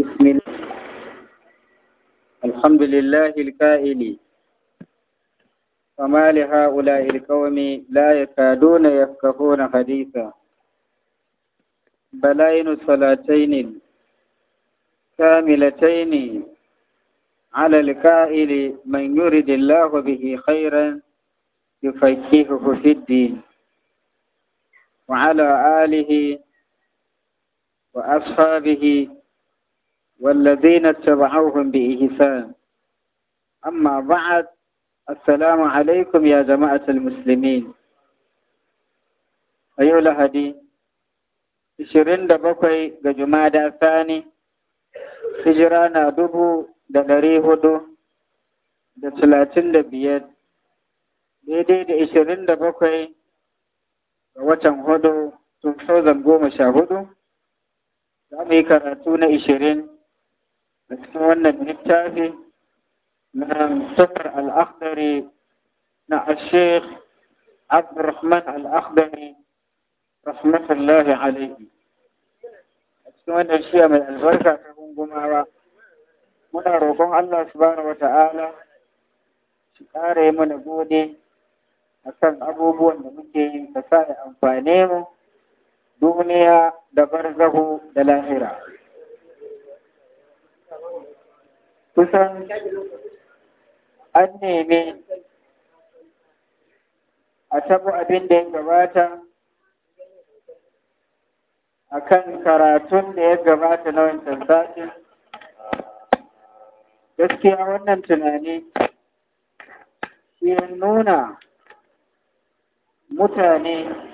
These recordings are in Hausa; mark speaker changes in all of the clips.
Speaker 1: بسم الله الحمد لله الكائن وما لهؤلاء القوم لا يكادون يفقهون حديثا بلاين صلاتين كاملتين على الكائن من يرد الله به خيرا يفكهه في الدين وعلى آله وأصحابه والذين اتبعوهم بإحسان أما بعد السلام عليكم يا جماعة المسلمين أيها الهدي ishirin da bakwai ga Jumada Sani, hijira na dubu da ɗari hudu da talatin da biyar, daidai da ishirin da bakwai ga watan hudu, tun goma sha hudu, za mu yi karatu na ishirin a cikin wannan littafi na safar al'akhdari na ashek abdurrahman al'akhdari rahmatullahi alaihi a cikin wannan shiya mai albarka ta gungumawa muna roƙon Allah subhanahu wata'ala shi ƙara yi mana gode akan abubuwan da muke yi ka sa ya amfane mu duniya da barzahu da lahira kusan an nemi a tabu abin da ya gabata a kan karatun da ya gabata na wancan sati gaskiya wannan tunani shi nuna mutane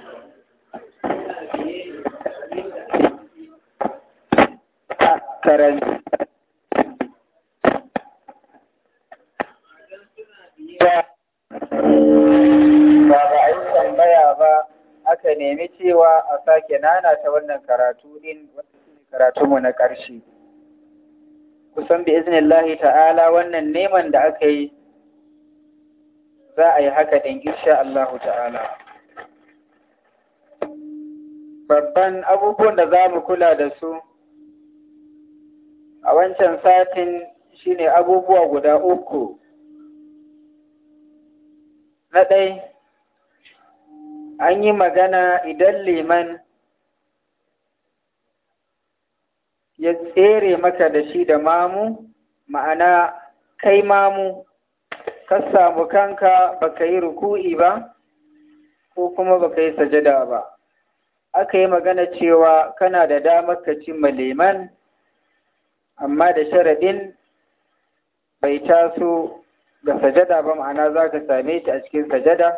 Speaker 1: karanta ba ba a yi tambaya ba aka nemi cewa a sake ta wannan karatu din mu na ƙarshe kusan bi iznillahi ta'ala wannan neman da aka yi za a yi haka din insha Allahu ta'ala babban abubuwan da za mu kula da su a wancan satin shine abubuwa guda uku na ɗai an yi magana idan liman ya tsere maka da shi da mamu ma'ana kai mamu ka samu kanka baka yi ruku'i ba ko kuma baka yi sajada ba aka yi magana cewa kana da damar ka cimma liman amma da sharaɗin bai taso ga sajada ba ma'ana za ka same shi a cikin sajada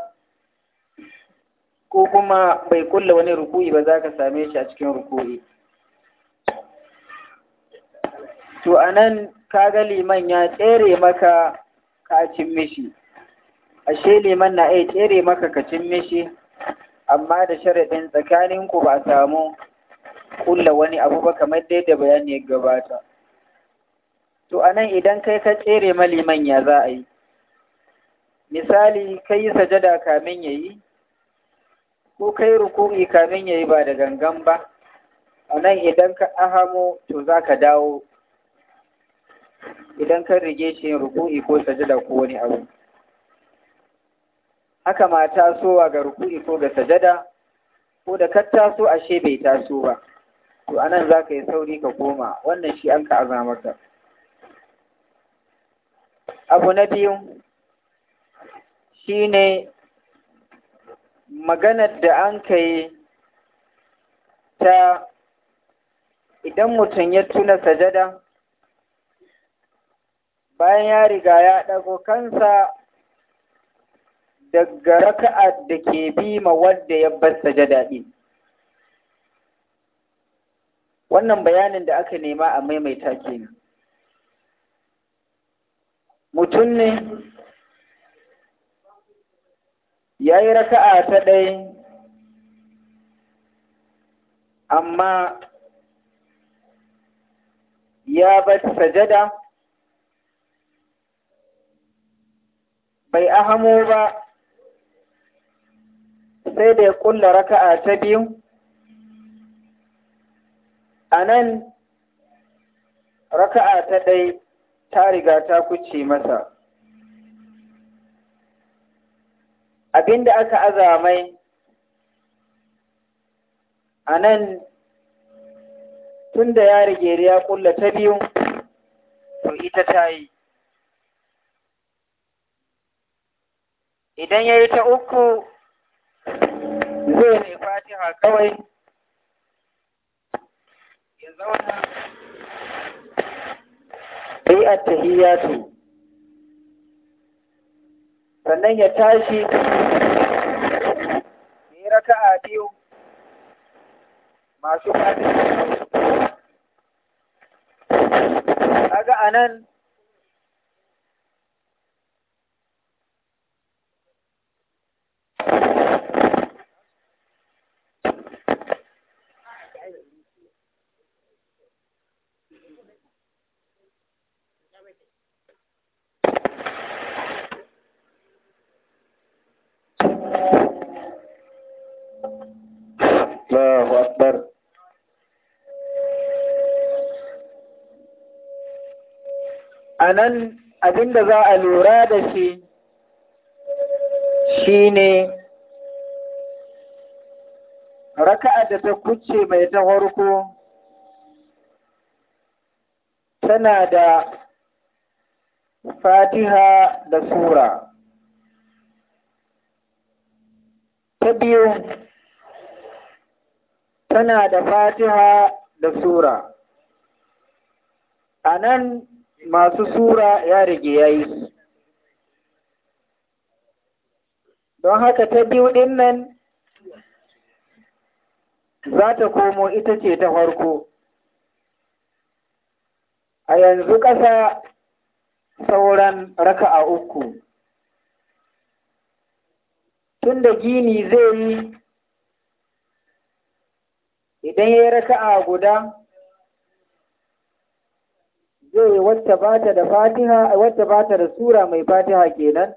Speaker 1: ko kuma bai kulla wani ruku'i ba za ka same shi a cikin ruku'i to anan ga liman ya tsere maka kacin mishi ashe liman na iya tsere maka kacin mishi amma da sharaɗin tsakaninku ba a samu kulla wani abu ba kamar da bayani ya gabata to anan idan kai ka tsere maliman ya za a yi misali ka yi sajada kamin ya yi ko kai ruku'i kamin ya yi ba da gangan ba a nan idan ka ahamo to za ka dawo idan ka rige shi yin rukuri ko sajada ko wani abu haka ma tasowa ga ruku'i ko ga sajada ko da ka taso ashe bai taso ba to anan za ka yi sauri ka koma wannan shi an ka ka. abu na biyu shi ne maganar da an kai ta idan mutum ya tuna sajada bayan ya riga ya ɗago kansa daga raka'a da ke bi ma wadda ya bar sajada ɗi wannan bayanin da aka nema a maimaita kenan mutum ne ya yi raka'a ta ɗaya amma ya bar sajada bai ahamo ba sai da ya kulla raka'a ta biyu a nan raka'a ta ɗai ta riga ta kuce masa abinda aka azamai a nan tun da ya rige ya kulla ta biyu to ita ta yi idan ya yi ta uku zai ne fatiha kawai ya zauna sai attahiyatu sannan ya tashi ya a biyu masu A ga anan a nan abin da za a lura da shi shi ne raka'a da ta kuce mai ta farko tana da fatiha da sura ta biyu tana da fatiha da sura a nan masu sura ya rige ya yi don haka ta biyu ɗin nan za ta komo ita ce ta farko a yanzu ƙasa sauran raka a uku tun da gini zai yi idan ya raka a guda zai wacce ba ta da fatiha wacce ba ta da sura mai fatiha kenan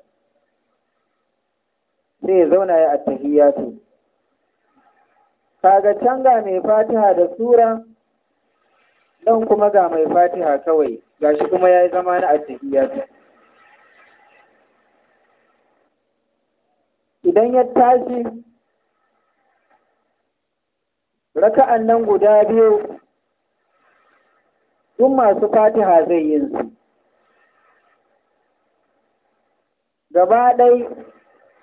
Speaker 1: sai ya zauna ya attahiyatu kaga can ga mai fatiha da sura don kuma ga mai fatiha kawai gashi kuma ya yi zama na attahiyatu idan ya tashi raka'an nan guda biyu duk masu fatiha zai yin su gaba ɗai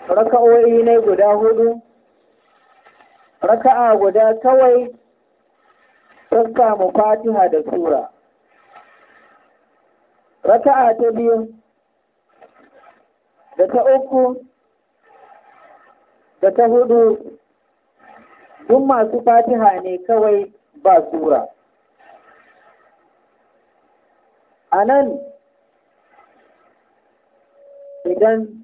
Speaker 1: raka'o'i ne guda hudu raka'a guda kawai sun samu fatiha da sura raka'a ta biyu da ta uku da ta hudu duk masu fatiha ne kawai ba sura a nan idan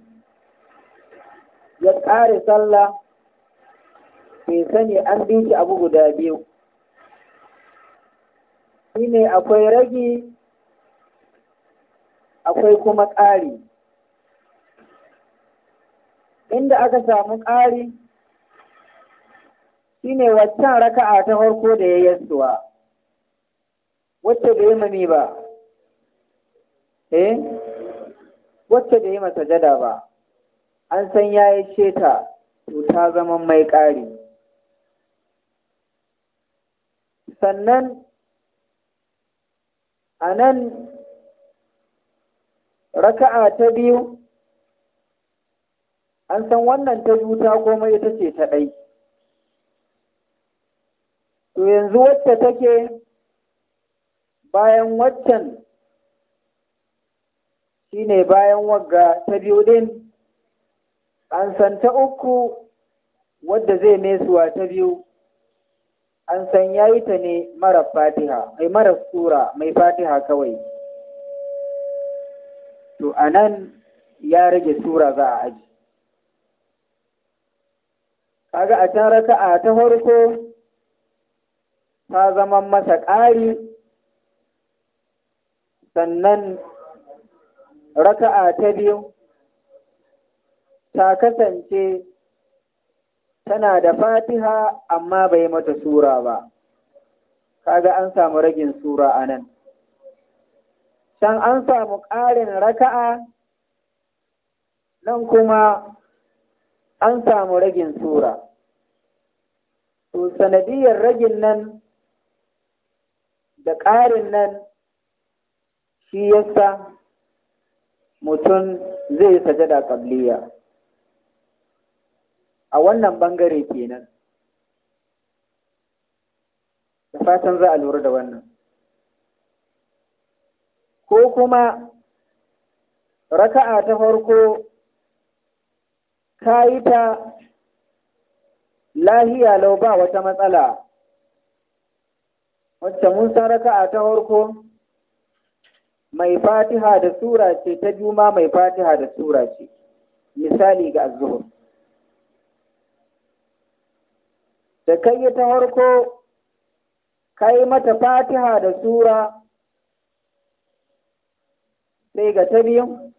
Speaker 1: ya ƙare sallah bai sani an bi shi abu guda biyu shi ne akwai ragi akwai kuma ƙari inda aka samu ƙari shi ne waccan raka'a ta farko da ya yasuwa wacce bai mami ba eh wacce da yi masa jada ba an san ya yi sheta to ta zama mai ƙari sannan a nan raka'a ta biyu an san wannan ta biyu ta ita ce ta ɗai to yanzu wacce take bayan waccan shine bayan wagga ta biyu din an san ta uku wadda zai mesuwa ta biyu an san ya yi ta ne mara fatiha mai mara sura mai fatiha kawai to a nan ya rage sura za a aji kaga a can raka'a ta farko ta zama masa ƙari sannan raka'a ta biyu ta kasance tana da fatiha amma bai mata sura ba kaga an samu ragin sura a nan can an samu ƙarin raka'a nan kuma an samu ragin sura to sanadiyar ragin nan da ƙarin nan shi yasa mutum zai yi sajada kabliya a wannan bangare kenan da fatan za a lura da wannan ko kuma raka'a ta farko ka yi ta lahiya lau ba wata matsala wacce mun san raka'a ta farko mai fatiha da sura ce ta juma mai fatiha da sura ce misali ga azuhur da kai ta harko kai mata fatiha da sura sai ga ta biyu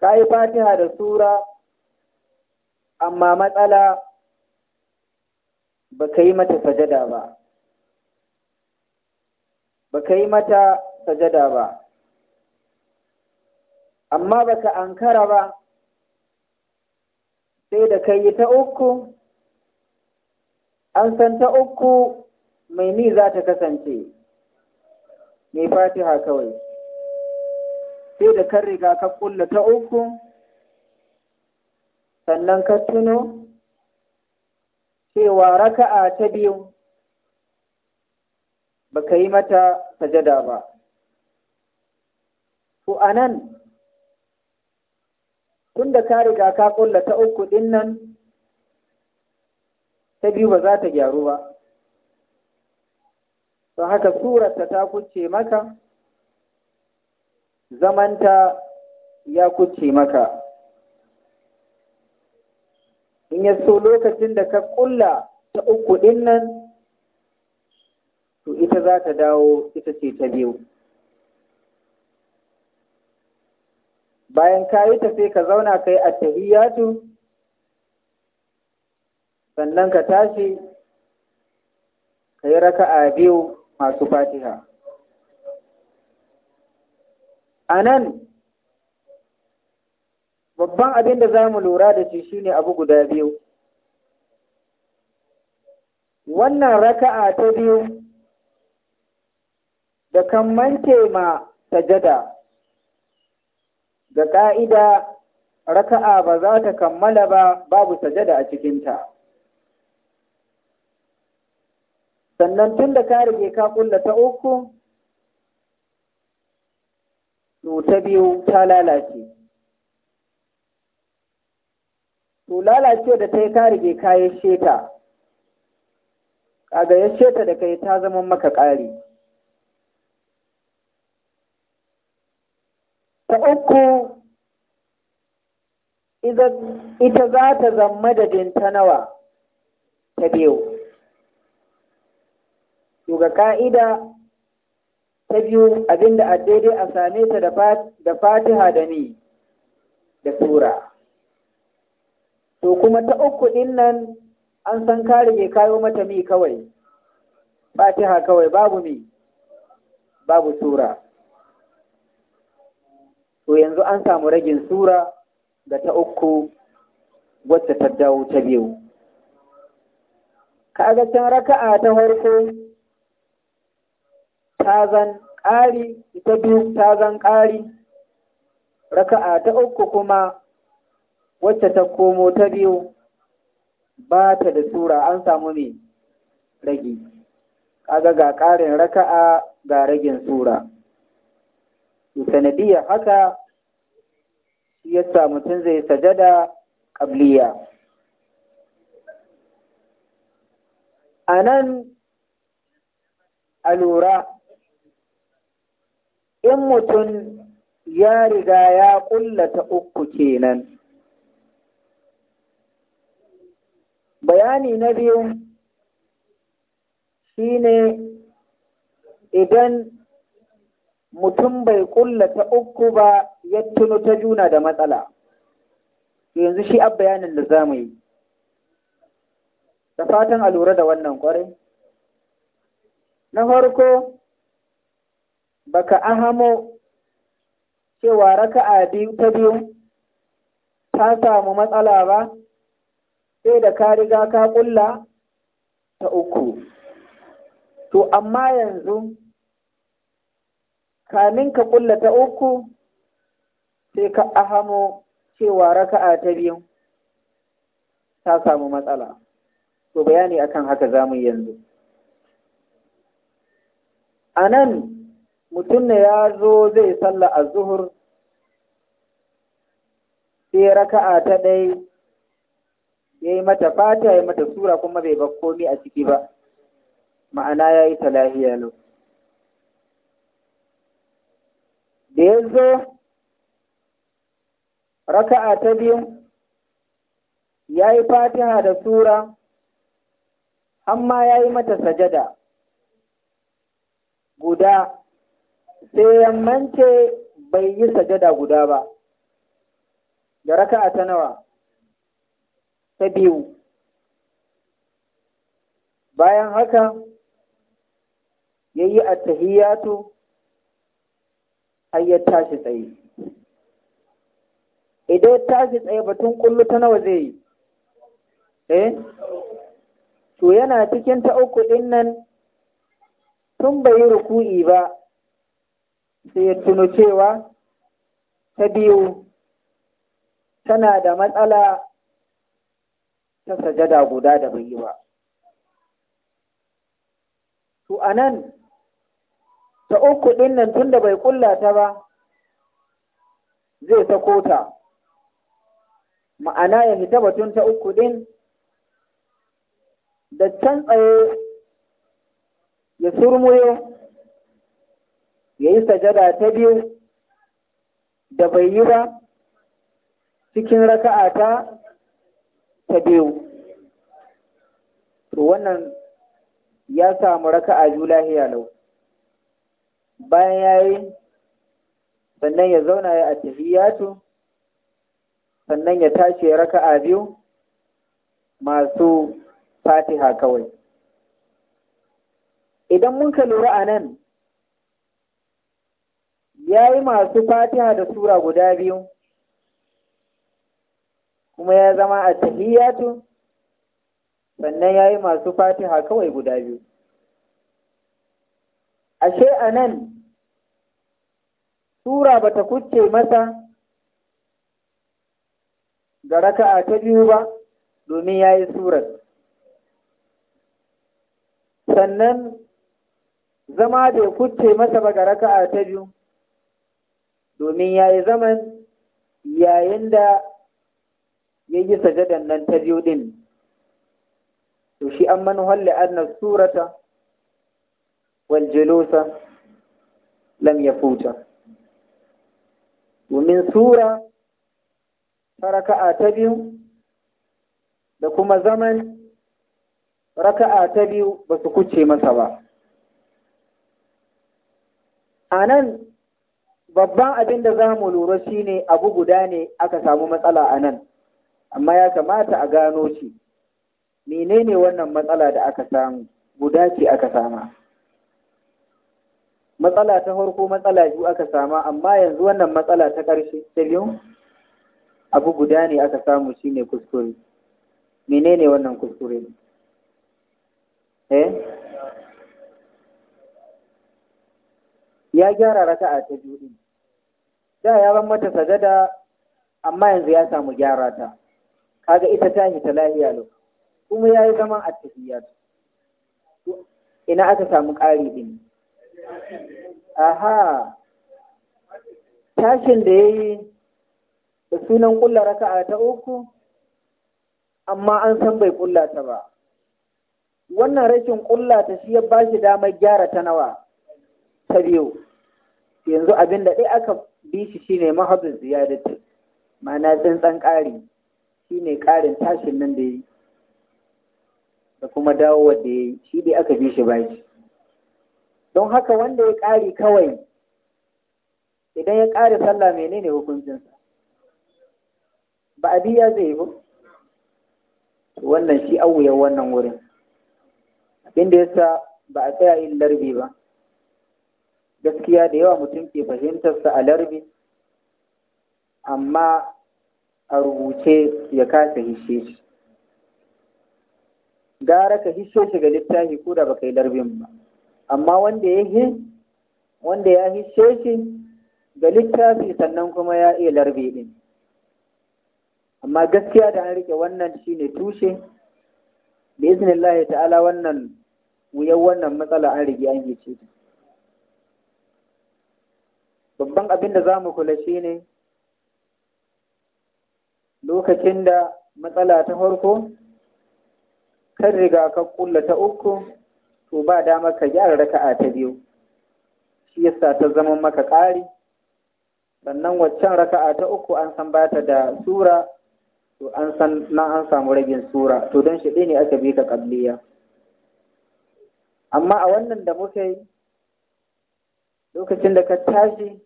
Speaker 1: kai fatiha da sura amma matsala ba ka yi mata sajada ba ba yi mata sajada ba amma baka ankara ba sai da kai ta uku an san ta uku mai ni za ta kasance mai fatiha kawai sai da kan riga ka kulla ta uku sannan ka tuno cewa raka'a ta biyu baka yi mata sajada ba to a nan tun da ka riga ka ƙulla ta uku ɗin nan ta biyu ba za ta gyaru ba don haka surarta ta kuce maka zamanta ya kuce maka in ya so lokacin da ka ƙulla ta uku ɗin nan to ita za ta dawo ita ce ta biyu bayan ka yi ta sai ka zauna ka yi attahiyatu sannan ka tashi ka yi raka'a biyu masu fatiha a nan babban abin da za mu lura da shi shine abu guda biyu wannan raka'a ta biyu da kan mance ma jada. ga ƙa'ida raka'a ba za ta kammala ba babu sajada a cikinta. Sannan tun da ka rige ka kulla ta uku, to ta biyu ta lalace. To lalace da ta yi ka rige ka yi sheta, kaga ya sheta da kai ta zama maka ƙari. ta uku ita za ta zama da ta nawa ta biyu ga ka'ida ta biyu abinda a daidai a same ta da fatiha da ni da tura, to kuma ta uku din nan an san kare ke kayo mata mi kawai fatiha kawai babu mi babu tura. to yanzu an samu ragin sura da ta uku wacce ta dawo ta biyu ga can raka'a ta harko ta zan ƙari ita biyu ta zan ƙari raka'a ta uku kuma wacce ta komo ta biyu ba ta da sura an samu mai ragi kaga ga ƙarin raka'a ga ragin sura sanadiyar haka yasa mutum zai sajada ƙabliya nan, a lura in mutum ya riga ya ƙullata uku kenan bayani na biyu shi ne idan mutum bai kulla ta uku ba ya tuno ta juna da matsala yanzu shi abba bayanin da zamu yi da fatan a lura da wannan kwarai na farko baka ahamo cewa raka'a biyu ta biyu ta samu matsala ba sai da ka riga ka kulla ta uku to amma yanzu kamin ka kulla ta uku sai ka ahamo cewa raka'a ta biyu ta samu matsala to bayani akan haka zamu yanzu a nan mutum ne ya zo zai salla a zuhur sai raka'a ta ɗai ya yi mata fata ya mata sura kuma bai bar komi a ciki ba ma'ana ya yi ta lahiya lau da ya zo raka'a ta biyu ya yi fatiha da sura amma ya yi mata sajada guda sai yammance bai yi sajada guda ba da raka'a ta nawa ta biyu bayan haka ya yi a tahiyatu. har ya tashi tsaye idan ya tashi tsaye batun kullu ta nawa zai yi eh to yana cikin ta uku ɗin nan tun bai yi ruku'i ba sai ya tuno cewa ta biyu tana da matsala ta sajada guda da bai yi ba to anan ta uku ɗin nan tun da bai ƙulla ta ba zai sako ta ma'ana ya fita batun ta uku ɗin da can tsaye ya surmuye ya yi sajada ta biyu da bai yi ba cikin raka'a ta ta biyu to wannan ya samu raka'a biyu lahiya lau bayan yayi sannan ya zauna ya attahiyatu sannan ya tashi ya raka'a biyu masu fatiha kawai idan mun ka lura a nan ya yi masu fatiha da sura guda biyu kuma ya zama a tahiyyatu sannan ya yi masu fatiha kawai guda biyu ashe a nan sura ba ta kucce masa ga raka'a ta biyu ba domin ya yi surar sannan zama bai kucce masa ba ga raka'a ta biyu domin ya yi zaman yayin da ya yi sajadan nan ta biyu din to shi an manuhalli na surata wal jelosa lam futa domin sura ta raka'a ta biyu da kuma zaman raka'a ta biyu ba su kuce masa ba a nan babban abin da za mu lura shine abu guda ne aka samu matsala a nan amma ya kamata a gano shi menene wannan matsala da aka samu guda ce aka sama matsala ta farko matsala biyu aka sama amma yanzu wannan matsala ta ƙarshe ta abu guda ne aka samu shine kuskure menene wannan kuskure eh ya gyara raka'a ta biyu din da ya ban mata sajada amma yanzu ya samu gyara ta kaga ita ta hita lahiya lo kuma yayi zaman at-tahiyyat ina aka samu ƙari din aha tashin da ya yi da sunan ƙulla raka'a ta uku amma an san bai kulla ta ba wannan rashin ƙulla ta shi ya ba shi damar gyara ta nawa ta biyu yanzu abin da ɗaya aka bi shi shi shine mahabin ziyadatu Mana tsantsan ƙari ne ƙarin tashin nan da yi da kuma dawo da ya yi shi dai aka bi shi ba shi don haka wanda ya ƙari kawai idan ya ƙari sallah menene hukuncinsa ba a biya zai yi ba wannan shi auya wannan wurin abinda yasa ba a tsaya yin larbi ba gaskiya da yawa mutum ke fahimtarsa a larbi amma a rubuce ya kasa hishe shi gara ka hishe shi ga littafi ko da baka yi larbin ba amma wanda ya wanda ya hishe shi ga littafi sannan kuma ya iya larbe ɗin amma gaskiya da an rike wannan shine tushe da iznillahi ta'ala wannan wuyan wannan matsala an rige an yi ce babban abin da za mu kula shi ne lokacin da matsala ta farko kan riga ka kulla ta uku to ba dama ka gyara raka'a ta biyu shi yasa ta zama maka ƙari sannan waccan raka'a ta uku an san bata da sura to an san na an samu ragin sura to don shi ne aka bi ka ƙabliya amma a wannan da muka yi lokacin da ka tashi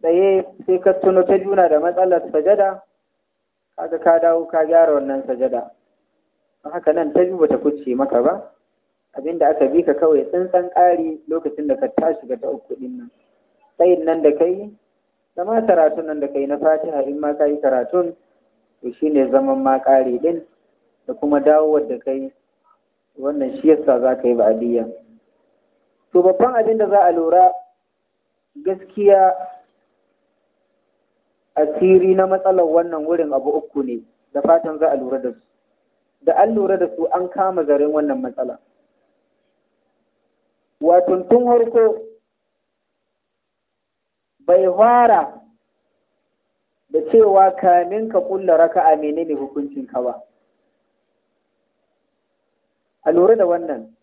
Speaker 1: tsaye sai ka tuno ta juna da matsalar sajada kaga ka dawo ka gyara wannan sajada haka nan ta biyu bata kuce maka ba abin da aka bi ka kawai tsantsan ƙari lokacin da ka tashi ga uku kuɗin nan tsayin nan da kai da ma karatun nan da kai na fatiha in ma ka yi karatun to shi ne zaman ma ƙari ɗin da kuma dawowar da kai wannan shi yasa za ka yi ba'adiyya to babban abin da za a lura gaskiya asiri na matsalar wannan wurin abu uku ne da fatan za a lura da su da an lura da su an kama garin wannan matsala Wato tun harko bai fara da cewa kamin ka kulla raka'a menene ka ba. A lura da wannan,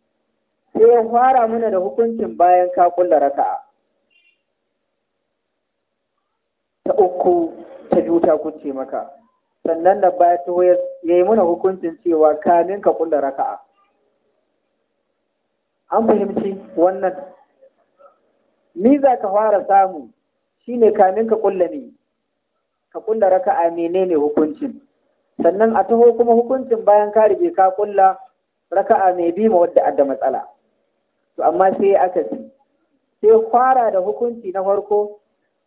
Speaker 1: sai ya fara mana da hukuncin bayan ka kulla raka'a. Ta uku ta juta kuce maka, sannan da baya ya yi mana hukuncin cewa kamin ka kulla raka'a. an fahimci wannan ni za ka fara samu shi ne kamin ka kulla ne ka kulla raka'a menene hukuncin sannan a taho kuma hukuncin bayan ka rige ka kulla a mai bi ma wadda adda matsala to amma sai aka ce, sai fara da hukunci na farko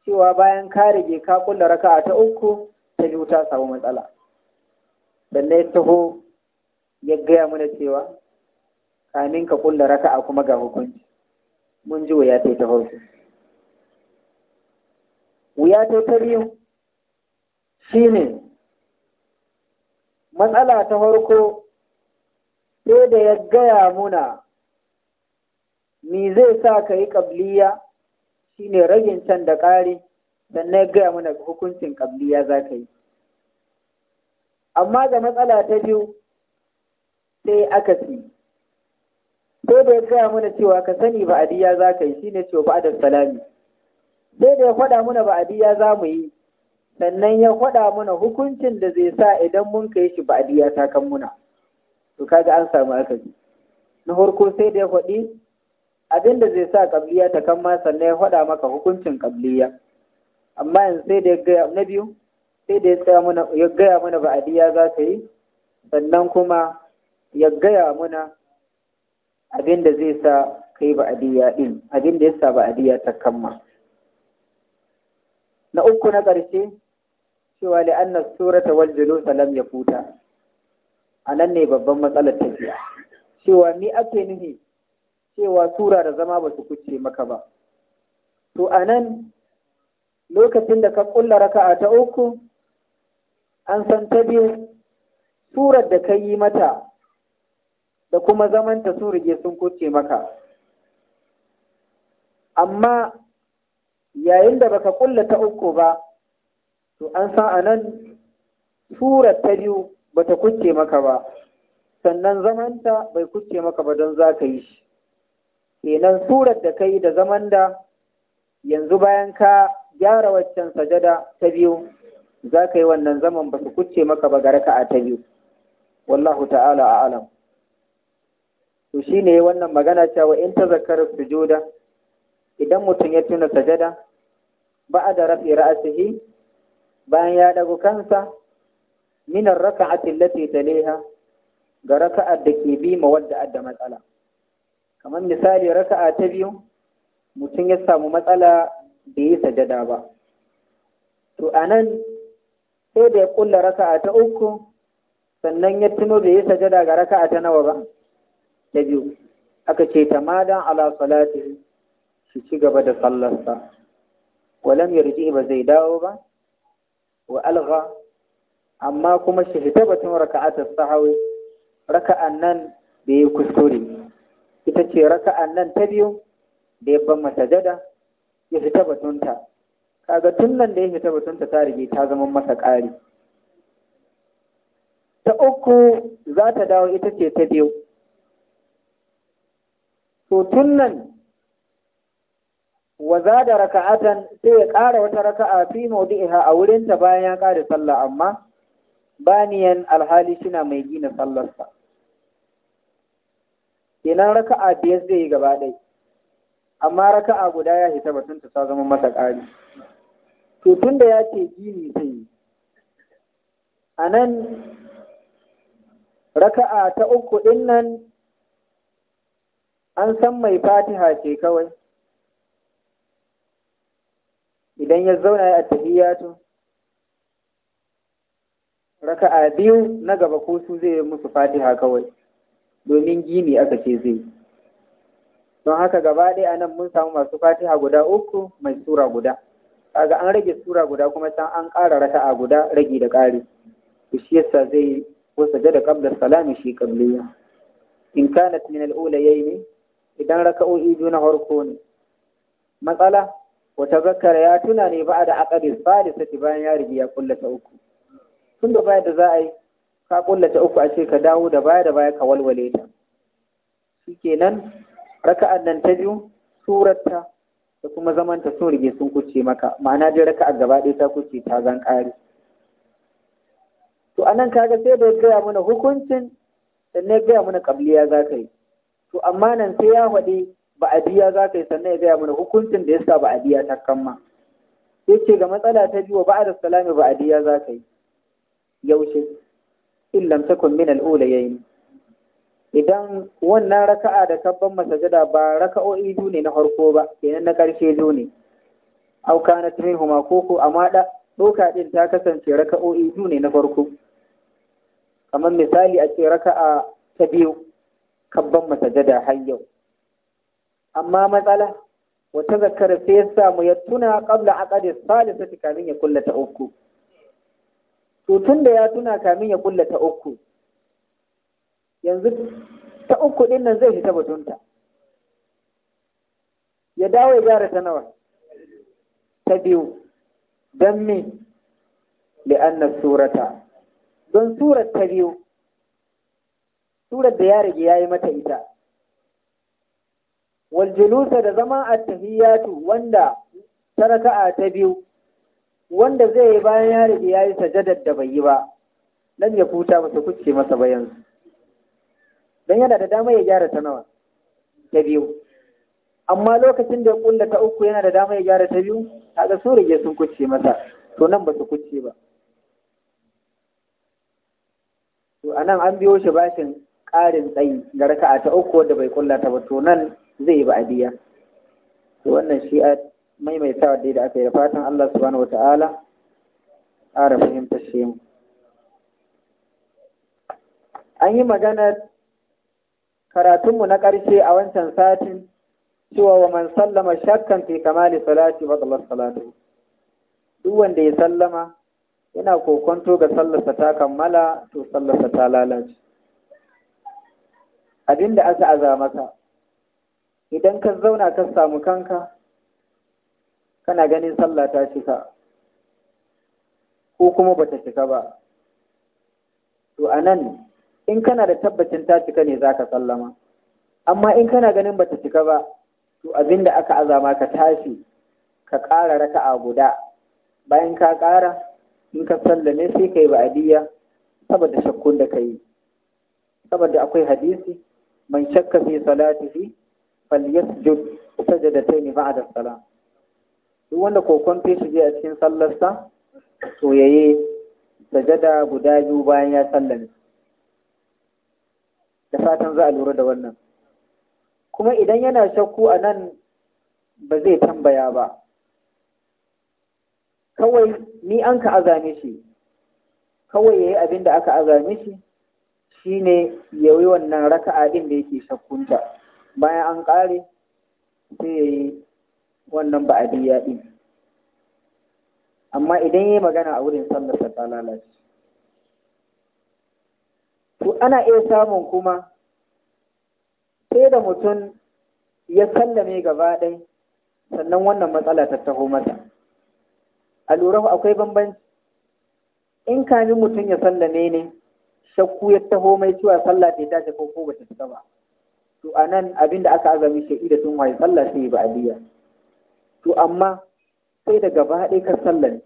Speaker 1: cewa bayan ka rige ka kulla raka'a ta uku ta biyu ta samu matsala sannan ya taho ya gaya mana cewa kamin ka kulla raka'a kuma ga hukunci mun ji wuya ta ta farko wuya ta ta biyu ne. matsala ta farko sai da ya gaya muna me zai sa ka yi Shi ne ragin can da ƙari sannan ya gaya muna hukuncin ƙabliya za ka yi amma ga matsala ta biyu sai aka ci sai da ya gaya mana cewa ka sani ba'adiyya za ka yi shi ne cewa ba'adar salami sai da ya faɗa mana ba'adiyya za mu yi sannan ya faɗa mana hukuncin da zai sa idan mun kai shi ba'adiyya ta kan muna to kaga an samu akali na farko sai da ya faɗi abin da zai sa kabliya ta kan ma sannan ya faɗa maka hukuncin kabliya amma yanzu sai da ya gaya na biyu sai da ya gaya mana ya gaya mana ba'adiyya za ka yi sannan kuma ya gaya mana da zai sa kai ba'adiyya din abinda yasa ta kamma na uku na ƙarshe cewa li'anna surata wal julusa lam yafuta anan ne babban matsalar tafiya cewa ni ake nufi cewa sura da zama ba su kuce maka ba to anan lokacin da ka kulla raka'a ta uku an san ta biyu surar da ka yi mata da kuma zaman ta sun rige sun kuce maka amma yayin da baka kulla ta uku ba to an san anan surar ta biyu bata kuce maka ba sannan zamanta bai kuce maka ba don za ka yi shi kenan surar da ka da zaman da yanzu bayan ka gyara waccan sajada ta biyu za ka yi wannan zaman ba su kuce maka ba ga raka'a ta biyu wallahu ta'ala a alam to ne wannan magana cewa in ta zakar sujuda idan mutum ya tuna sajada ba a da rafi ra'asihi bayan ya dago kansa min ar-rak'ati allati taliha ga raka'ar da ke bi ma wadda adda matsala kamar misali raka'a ta biyu mutum ya samu matsala da yi sajada ba to anan sai da ya kulla raka'a ta uku sannan ya tuno bai yi sajada ga raka'a ta nawa ba na biyu aka ce ta tamadan ala salati shi ci gaba da sallarsa walam yarji ba zai dawo ba wa alga amma kuma shi hita batun raka'ata sahawi raka'an nan da ya kuskure ita ce raka'an nan ta biyu da ya ban jada ya fita batunta kaga tun nan da ya fita batunta ta rige ta zama masa ƙari ta uku za ta dawo ita ce ta biyu to tun nan wa da raka'atan sai ya ƙara wata raka'a fi mawdi'iha a wurinta bayan ya ƙare sallah amma baniyan alhali shina mai gina sallarsa kenan raka'a biyar zai yi gaba ɗaya amma raka'a guda ya hita batun ta zama masa ƙari to tun da ya ce gini sai yi a nan raka'a ta uku ɗin nan an san mai fatiha ce kawai idan ya zauna ya attahiyatu raka'a biyu na gaba ko su zai musu fatiha kawai domin gini aka ce zai don haka gaba ɗaya nan mun samu masu fatiha guda uku mai sura guda kaga an rage sura guda kuma can an ƙara raka'a guda rage da ƙari to shi yasa zai wasa da qabla salami shi qabliya in kanat min al-ulayayn idan raka'o'i biyu na farko ne matsala wata zakara ya tuna ne ba da aqadi salisati bayan ya rigi ya kullata uku Tun da baya da za a yi ka kullata uku a ce ka dawo da baya da baya ka walwale ta shikenan raka'an nan ta biyu surarta da kuma zamanta sun rige sun kuce maka ma'ana dai raka'a gaba ɗaya ta kuce ta zan ƙari to anan kaga sai bai gaya mana hukuncin sannan gaya mana ƙabliya za ka yi to amma nan sai ya faɗi ba a biya za ka yi sannan ya gaya mana hukuncin da ya sa ba a biya ta kama ya ce ga matsala ta biyu ba a da salami ba a biya za ka yi yaushe in lamta takun min al'ula yayi idan wannan raka'a da kabban masajada ba raka'o'i biyu ne na farko ba kenan na ƙarshe biyu ne au kana huma koko amma da ɗoka ɗin ta kasance raka'o'i biyu ne na farko kamar misali a ce raka'a ta biyu kabban masajada har yau amma matsala wata zakar sai ya samu ya tuna a qabla aqdi salisati kamin ya kulla ta uku to da ya tuna kamin ya kulla ta uku yanzu ta uku ɗin nan zai fita batunta ya dawo ya gyara ta nawa ta biyu don me li'anna surata don surar ta biyu surar da ya rage ya yi mata ita waljulusa da zama a attahiyatu wanda ta a ta biyu wanda zai yi bayan ya rage ya yi sajadar da bai yi ba nan ya kuta masa kuce masa bayan don yana da dama ya gyara ta nawa ta biyu amma lokacin da ya kulla ta uku yana da dama ya gyara ta biyu kaga su rage sun kuce masa to nan ba su kuce ba to anan an biyo shi bashin ƙarin tsayi ga raka'a ta uku wadda bai kulla ta ba to nan zai yi ba'adiyya to wannan shi a maimaitawa dai da aka yi da fatan Allah subhanahu wata'ala ƙara fahimta shi mu an yi maganar karatunmu na ƙarshe a wancan satin cewa wa man sallama shakkan fi kamali salati wa salatu duk wanda ya sallama yana kokonto ga sallarsa ta kammala to sallarsa ta lalace Abin da aka aza masa idan ka zauna ka samu kanka kana ganin sallah ta cika ko kuma bata cika ba to anan in kana da tabbacin ta cika ne zaka sallama amma in kana ganin bata cika ba to abin da aka azama ka tashi ka ƙara raka'a guda bayan ka ƙara in ka sallame sai kai ba'adiyya saboda shakkun da kai saboda akwai hadisi من shakka fi صلاته فليسجد سجدتين بعد salam duk wanda kokon fi shi a cikin sallarsa to yayi sajada guda biyu bayan ya sallame da fatan za a lura da wannan kuma idan yana shakku anan nan ba zai tambaya ba kawai ni an ka azame shi kawai yayi yi abin da aka azame shi shine ya yi wannan raka'a din da yake shakkunta bayan an ƙare sai ya yi wannan ba'adiyya din amma idan yi magana a wurin sallar ta lalace to ana iya samun kuma sai da mutum ya sallame gaba ɗaya sannan wannan matsala ta taho mata. a lura akwai bambanci in kamin mutum ya sallame ne shakku ya taho mai cewa sallah ta tashi ko ko bata shiga ba to anan abin da aka azami shi da sun waye sallah sai ba aliya to amma sai da gaba ɗaya ka Sallan,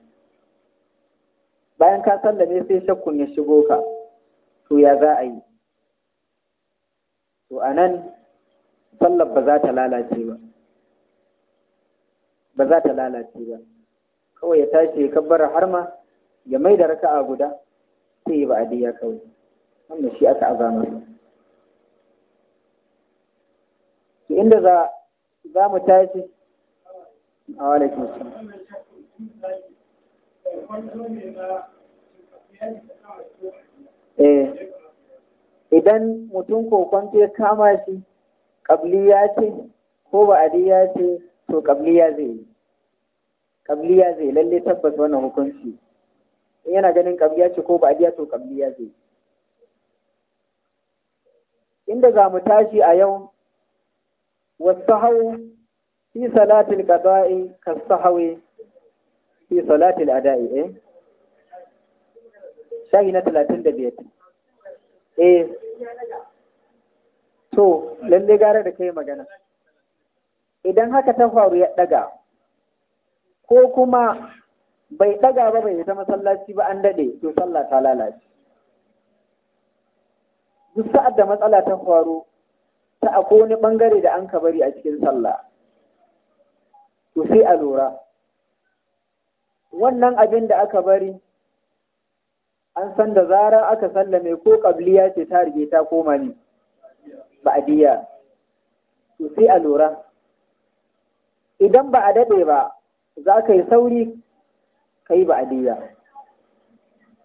Speaker 1: bayan ka sallame sai shakkun ya shigo ka to ya za a yi to anan sallar ba za ta lalace ba ba za ta lalace ba kawai ya tashi ya kabbara har ma ya mai da raka'a guda sai ya ba adiya kawai wannan shi aka azama to inda za za mu tashi a alaikum salam eh, idan mutum kokonto ya kama shi ya ce ko ya ce to ƙabliya zai yi zai lalle tabbas wannan hukunci in yana ganin ya ce ko ba'adiyya to ya zai inda za mu tashi a yau wasu hau fi salatin ƙaza'i ka sahawe fi salatin ada'i eh shahi na talatin da biyar eh to lalle gara da kai magana idan haka ta faru ya ɗaga ko kuma bai ɗaga ba bai ta masallaci ba an daɗe to sallah ta lalace duk sa'ad da matsala ta faru ta a wani bangare da an ka bari a cikin sallah to sai a lura wannan abin da aka bari an san da zarar aka sallame ko kabliya ce ta rige ta koma ne ba'adiyya to sai a lura idan ba a daɗe ba za ka yi sauri ka yi ba'adiyya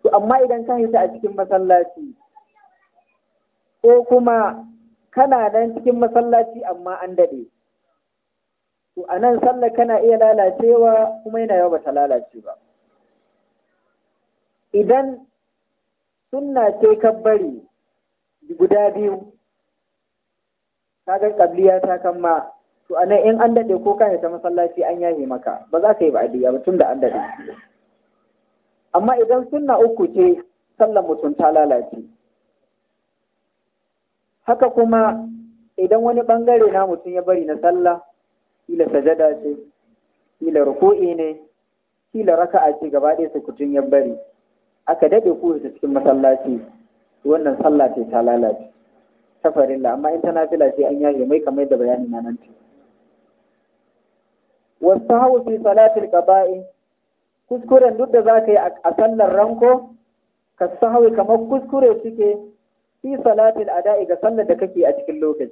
Speaker 1: to amma idan ka ta a cikin masallaci ko kuma kana nan cikin masallaci amma an daɗe to a nan sallar kana iya lalacewa kuma yana yawa bata lalace ba idan sunna ce kabbari guda biyu kaga kabliya ta kama to a nan in an daɗe ko kana ta masallaci an yaye maka ba za ka yi adiya ba tun da an daɗe amma idan sunna uku ce sallar mutum ta lalace haka kuma idan wani bangare na mutum ya bari na sallah ila sajada ce kila ruku'i ne ila raka'a ce gaba ɗaya sukutun ya bari aka dade ku ta cikin masallaci wannan sallah ce ta lalace safarin la amma in ta nafila ce an yaye mai kamar da bayani na nan ce wasu fi salatul qaba'i kuskuren duk da za yi a sallar ranko ka sahawi kamar kuskure suke fi salatin ada'i ga sallar da kake a cikin lokaci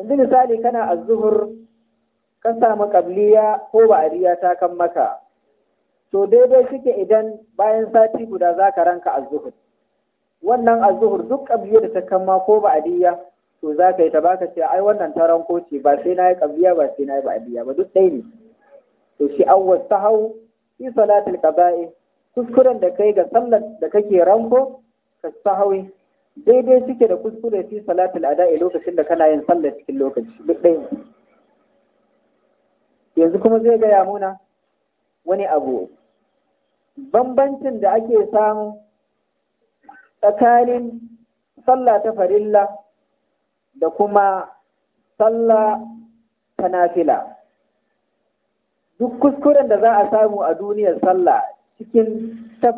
Speaker 1: yanzu misali kana zuhur ka samu kabliya ko ba'ariya ta kan maka to daidai suke idan bayan sati guda zaka ka ranka zuhur. wannan zuhur duk kabliya da ta kan ma ko ba'ariya to za yi ta baka ce ai wannan ta ranko ce ba sai na yi ba sai na yi ba'ariya ba duk ɗaya ne to shi awwal sahau fi salatil qada'i kuskuren da kai ga sallar da kake ranko ka sahawi daidai suke da kuskure fi salatul ada'i lokacin da kana yin sallar cikin lokaci duk ɗaya yanzu kuma zai gaya muna wani abu bambancin da ake samu tsakanin sallah ta farilla da kuma sallah ta nafila duk kuskuren da za a samu a duniyar sallah cikin ta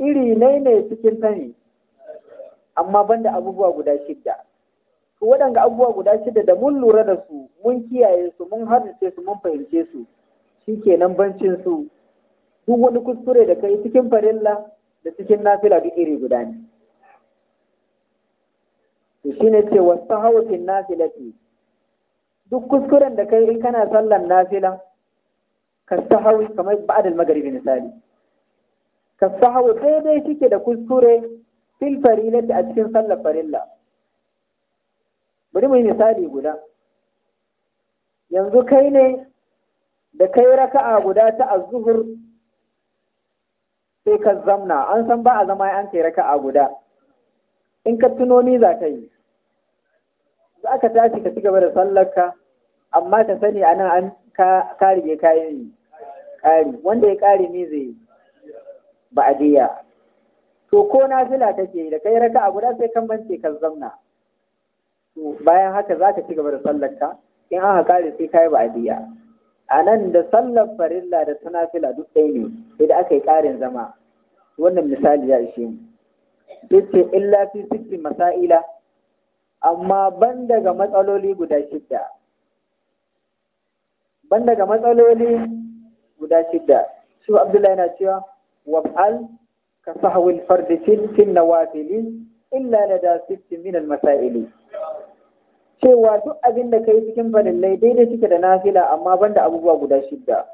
Speaker 1: iri ne ne cikin tani amma banda abubuwa guda shidda to waɗanga abubuwa guda shidda da mun lura da su mun kiyaye su mun harce su mun fahimce su shikenan bancin su duk wani kuskure da kai cikin farilla da cikin nafila duk iri guda ne to shine ce wasahawu nafila ce, duk kuskuren da kai in kana sallan nafila ka sahawi kamar ba'dal maghribi misali ka sahawi daidai shike da kuskure fil farilati a cikin sallar farilla bari mu yi misali guda yanzu kai ne da kai raka'a guda ta azzuhur sai ka zamna an san ba a zama an kai raka'a guda in ka tuno ni za ka yi za ka tashi ka ci gaba da sallarka amma ka sani a nan an ka rige kayan yi wanda ya ƙari ne zai ba a to ko nafila kake da kai raka a guda sai kan bance ka zamna to bayan haka za ka ci gaba da ka in aka kare sai kai ba'diya a nan da sallar farilla da ta duk ɗaya ne idan aka yi ƙarin zama wannan misali ya ishe mu yace illa fi sitti masaila amma ban daga matsaloli guda shidda ban daga matsaloli guda shidda shi Abdullahi yana cewa waf'al كصحو الفرد في النوافل إلا لدى ست من masa'ili. cewa duk abin da kai cikin farillai daidai suke da fila, amma banda abubuwa guda shidda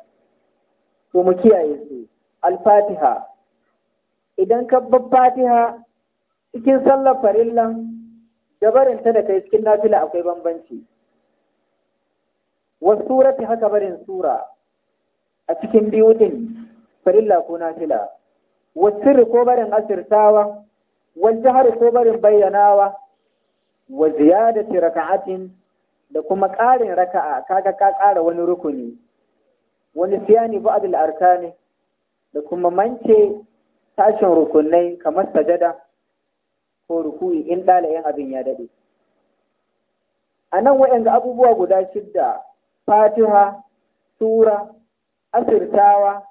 Speaker 1: to mu kiyaye su al-fatiha idan ka bar fatiha cikin sallar farillan gabarin ta da kai cikin nafila akwai bambanci wasu surati haka barin sura a cikin biyu din farilla ko nafila wasirri ko barin asirtawa wal ko barin bayyanawa wa ziyadati raka'atin da kuma ƙarin raka'a kaga ka ƙara wani rukuni wani siyani ba'dul arkani da kuma mance tashin rukunai kamar sajada ko ruku'i in ɗalayen abin ya daɗe a nan waɗanda abubuwa guda shidda fatiha sura asirtawa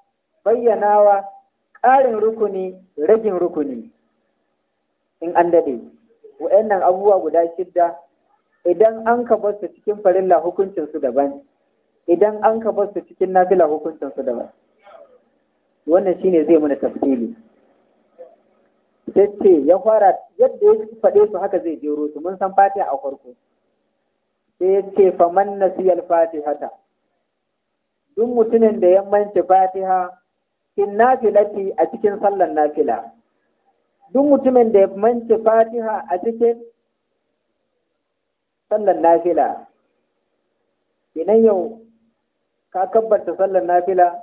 Speaker 1: bayyanawa ƙarin rukuni ragin rukuni in an daɗe nan abubuwa guda shidda idan an ka basu su cikin farilla hukuncin su daban idan an ka bar su cikin nafila hukuncin su daban wannan shi ne zai muna tafsiri tace ya fara yadda ya faɗe su haka zai je su mun san fatiha a farko sai ya ce faman fati fatihata duk mutumin da ya mance fatiha in nafilati a cikin sallan nafila duk mutumin da ya manci fatiha a cikin sallan nafila idan yau ka kabbata sallan nafila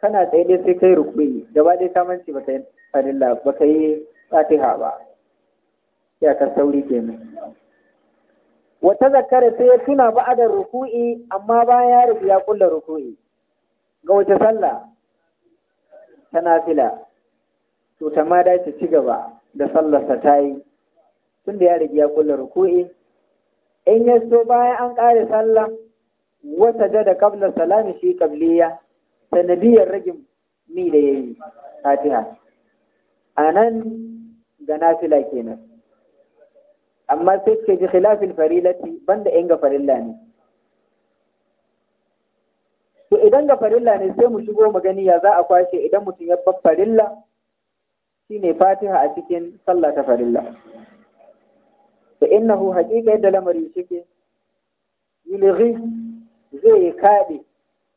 Speaker 1: kana tsaye sai kai rukuni gaba dai ka manci ba yi ba baka yi fatiha ba ya ka sauri kenan wata zakara sai ya tuna ba'adar ruku'i amma bayan ya rubu ya kulla ruku'i ga wace sallah ta nafila to ta ma dace ci gaba da sallarsa ta yi tun da ya rigi ya kulla ruku'i in ya so bayan an ƙare sallah wata da da kabla salami shi kabliya sanadiyar ragin mi da ya yi fatiha a nan ga nafila kenan amma sai ce ji khilafin farilati banda inga farilla ne to idan ga farilla ne sai mu shigo magani ya za a kwashe idan mutum ya bar farilla shine fatiha a cikin sallah ta farilla fa innahu haqiqa da lamari shike yulghi zai kaɗe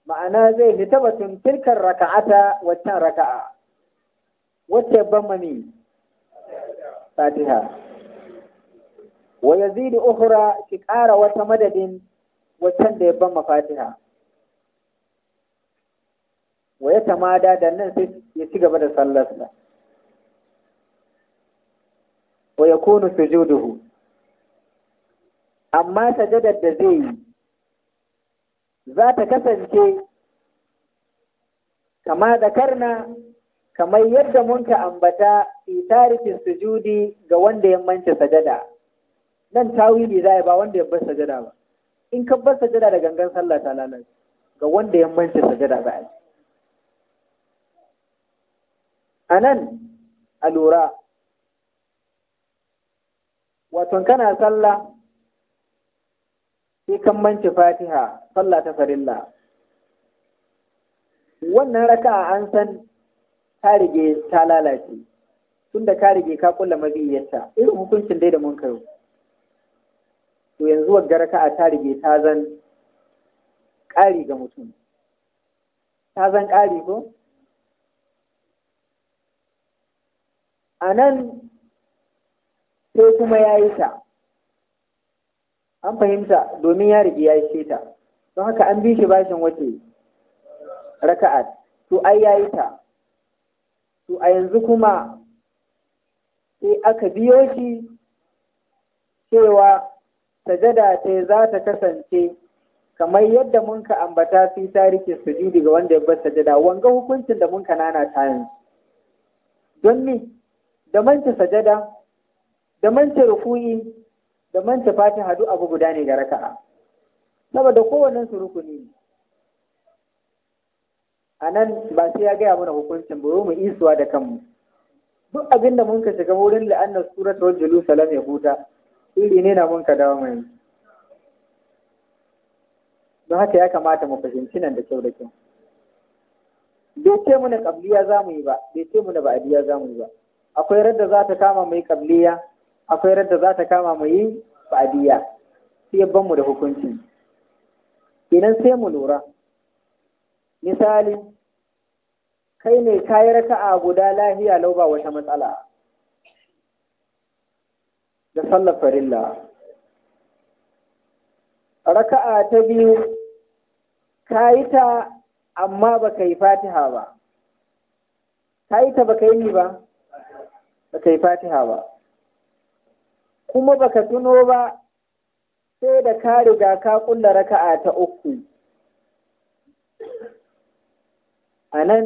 Speaker 1: ma'ana zai fita batun tilkar raka'ata waccan raka'a wacce bamma ne fatiha wa yazidu ukhra shi ƙara wata madadin waccan da ya bamma fatiha wa ya tamada da nan sai ya ci gaba da sallarsa wa ya kunu sujuduhu amma sajadar da zai yi za ta kasance kama da karna kamar yadda mun ka ambata fi tarikin sujudi ga wanda ya manta sajada nan tawili za ba wanda ya bar sajada ba in ka bar sajada da gangan sallah ta lalace ga wanda ya manta sajada za a Anan, a lura waton kana sallah sai kan manci fatiha sallah ta farilla wannan raka'a an san ta rige ta lalace tunda ka rige ka kulla mabiyyarta irin hukuncin dai da mun kai to yanzu wagga raka'a ta rige ta zan ƙari ga mutum ta zan ƙari ko a nan sai kuma ya yi ta an fahimta domin ya rigi ya yi ta don haka an bi shi bashin wace raka'at to ai ya yi ta to a yanzu kuma sai aka biyo shi cewa sajada ta za ta kasance kamar yadda mun ka ambata fi tarihi sujudi ga wanda ya bar sajada wanga hukuncin da mun ka nana ta yanzu don ni da manta sajada da manta ruku'i da manta fatin, hadu abu guda ne ga raka'a saboda kowannen su rukuni ne a nan ba sai ya gaya mana hukuncin ba mu isuwa da kanmu duk abin da mun ka shiga wurin la'annar suratul julusalam ya huta iri ne na mun ka mai don haka ya kamata mu fahimci nan da kyau da kyau bai ce mu na kabliya za mu yi ba bai ce mu na ba'adiya za mu yi ba akwai radda za ta kama mai kabliya akwai radda za ta kama mai ba'diya sai ban mu da hukunci idan sai mu lura misali kai ne kayi raka'a guda lahiya lau ba wata matsala da sallar farilla raka'a ta biyu kayi ta amma baka yi fatiha ba kayi ta baka yi ni ba baka yi fatiha ba kuma baka tuno ba sai da ka riga ka kulla raka'a ta uku a nan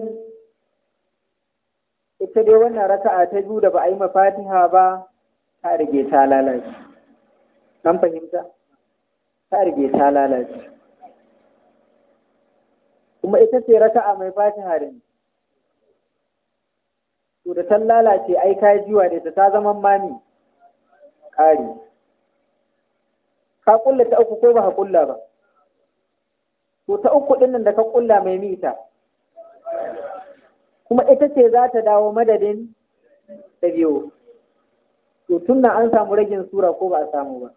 Speaker 1: ita dai wannan raka'a ta biyu da ba a yi mafatiha ba ta rige ta lalace an fahimta ta rige ta lalace kuma ita ce raka'a mai fatiha da to da ta lalace ai ka jiwa da ta zama mani kari. ka kulla ta uku ko ba ka kulla ba to ta uku ɗin nan da ka kulla mai mita kuma ita ce za ta dawo madadin ta biyu to tun nan an samu ragin sura ko ba a samu ba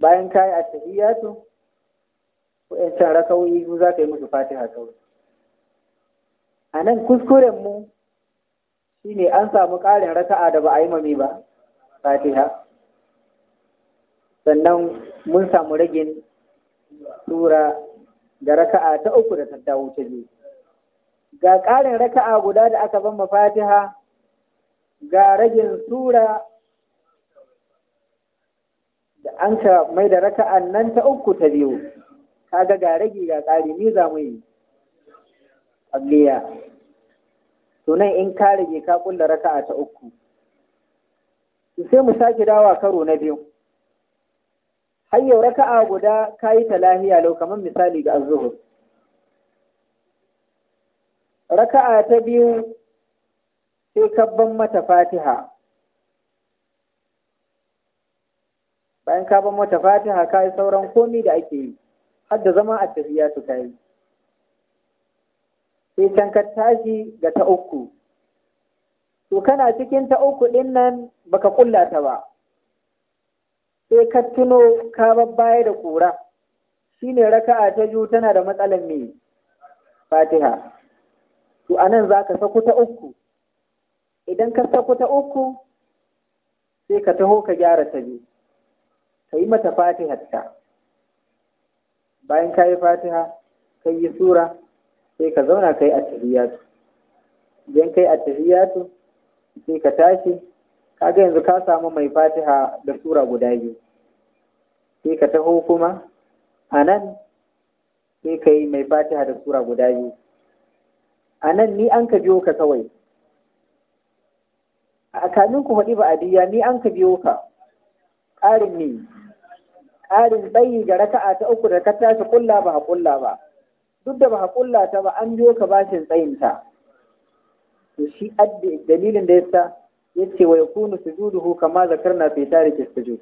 Speaker 1: bayan kayi a tahiyatu ko ƴan can rakawoyi za ka yi musu fatiha kawai a nan kuskurenmu shi ne an samu ƙarin raka'a da ba a yi mami ba fatiha sannan mun samu ragin tura da raka'a ta uku da ta dawo ta biyu ga ƙarin raka'a guda da aka ban fatiha ga ragin sura da an ka mai da raka'an nan ta uku ta biyu kaga ga ragi ga ƙari ni za mu yi qabliya to nan in ka rage ka kulla raka'a ta uku sai mu sake dawa karo na biyu har yau raka'a guda kayi ta lahiya lau kamar misali ga azuhur raka'a ta biyu sai kabban mata fatiha bayan ka mata fatiha ka sauran komi da ake yi har da zama a tafiya su ka sai can ka tashi ga ta uku to kana cikin ta uku ɗin nan baka kulla ta ba sai ka tuno ka baya da kura shine raka'a ta biyu tana da matsalar ne. fatiha to anan ka saku ta uku idan ka saku ta uku sai ka taho ka gyara ta biyu ka yi mata ta. bayan ka yi fatiha ka yi sura sai ka zauna kai tafiyatu idan kai tafiyatu sai ka tashi kaga yanzu ka samu mai fatiha da sura guda biyu sai ka taho kuma a nan sai ka yi mai fatiha da sura guda biyu a nan ni an ka biyo ka kawai a kamin ku faɗi ba'adiyya ni an ka biyo ka ƙarin ne ƙarin bayi ga raka'a ta uku da ka tashi kulla ba a kulla ba duk da ba a kulla ta ba an biyo ka bashin tsayinta to shi dalilin da yasa yace wa yakunu sujuduhu kama zakarna fi tariki sujud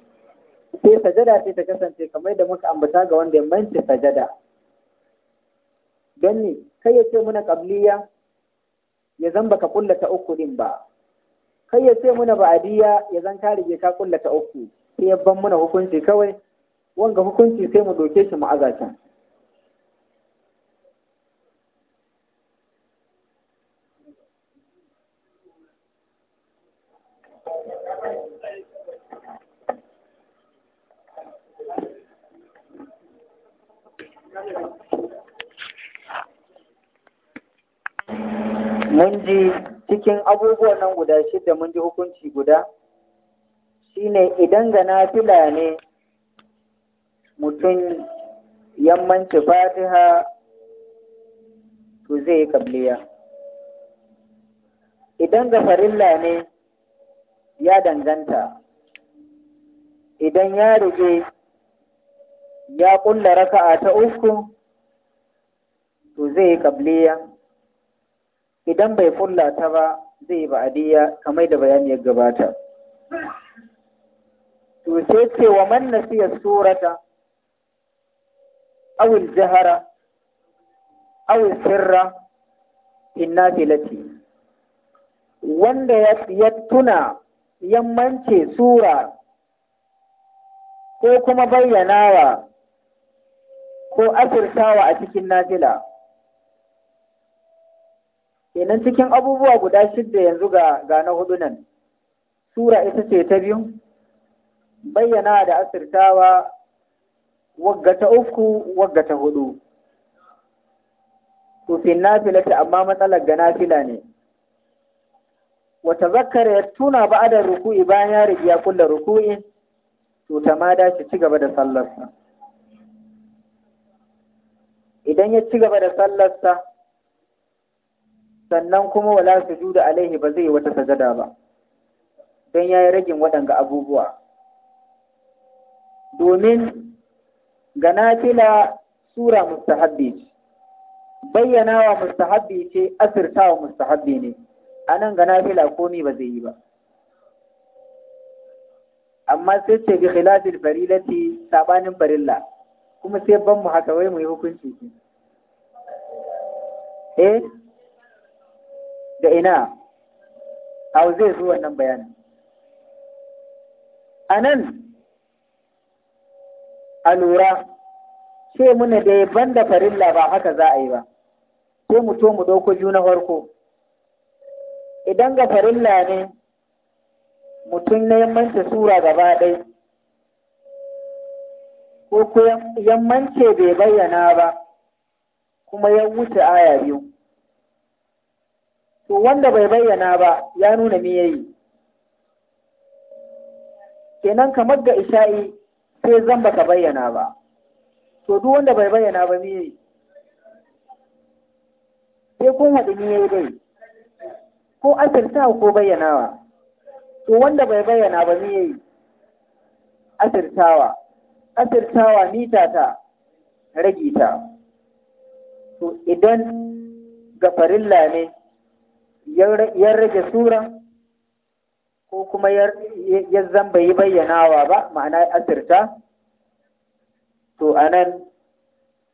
Speaker 1: sai sajada sai ta kasance kamar da muka ambata ga wanda ya manci sajada don ne kai ya ce muna kabliya ya zan baka kulla ta uku din ba kai ya ce muna ba'adiyya ya zan ka rige ka kulla ta uku sai ya ban muna hukunci kawai wanga hukunci sai mu doke shi mu azacan cikin abubuwan nan guda shidda mun ji hukunci guda shine idan ga nafila ne mutum yammanci fatiha to zai yi kabliya idan ga farilla ne ya danganta idan ya rige ya kulla raka'a ta uku to zai yi kabliya idan bai fulla ta ba zai ba adiya kamar da bayani ya gabata to sai ce wa man nasiya surata aw al-jahara aw sirra in nafilati wanda ya tuna yammance sura ko kuma bayyanawa ko asirtawa a cikin nafila kenan cikin abubuwa guda shidda yanzu ga na hudu nan sura ita ce ta biyu bayyana da asirtawa wagga ta uku wagga ta hudu Tufin nafila ta amma matsalar ga nafila ne Wata zakkara ya tuna ba'adar ruku'i bayan ya ya kullu ruku'i to ta ma dace ci gaba da sallarsa idan ya ci gaba da sallarsa sannan kuma wala sujuda alaihi ba zai wata sajada ba don ya yi ragin waɗanga abubuwa domin ganafila sura mustahabbi ce bayyana wa mustahabbi ce asirta wa mustahabbi ne anan nan ga komi ba zai yi ba amma sai ce bi khilafil farilati sabanin farilla kuma sai ban mu haka wai mu yi hukunci eh da ina a zai zo wannan bayanin a nan a lura ce muna da ban da farilla ba haka za a yi ba sai mu to mu ɗauko juna farko idan ga farilla ne mutum na yammanta sura gaba ɗai ko ku yammance bai bayyana ba kuma ya wuce aya biyu to wanda bai bayyana ba ya nuna me yayi kenan kamar ga isha'i sai zan baka bayyana ba to duk wanda bai bayyana ba me yayi sai kun haɗu me yayi dai ko asirta ko bayyanawa to wanda bai bayyana ba me yayi asirtawa asirtawa mita ta rage to idan ga farilla ne ya rage sura ko kuma ya zan yi bayyanawa ba ma'ana asirta to anan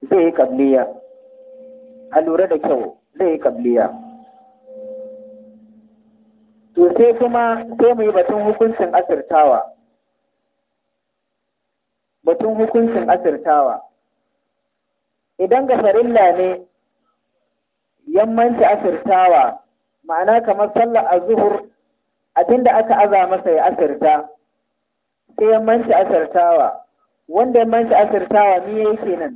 Speaker 1: zai yi kabliya a lura da kyau zai yi kabliya to sai kuma sai mu yi batun hukuncin asirtawa batun hukuncin asirtawa idan ga farilla ne yammanci asirtawa ma'ana kamar sallar azuhur abinda aka aza masa ya asirta sai ya manci asirtawa wanda ya manci asirtawa ni yayi kenan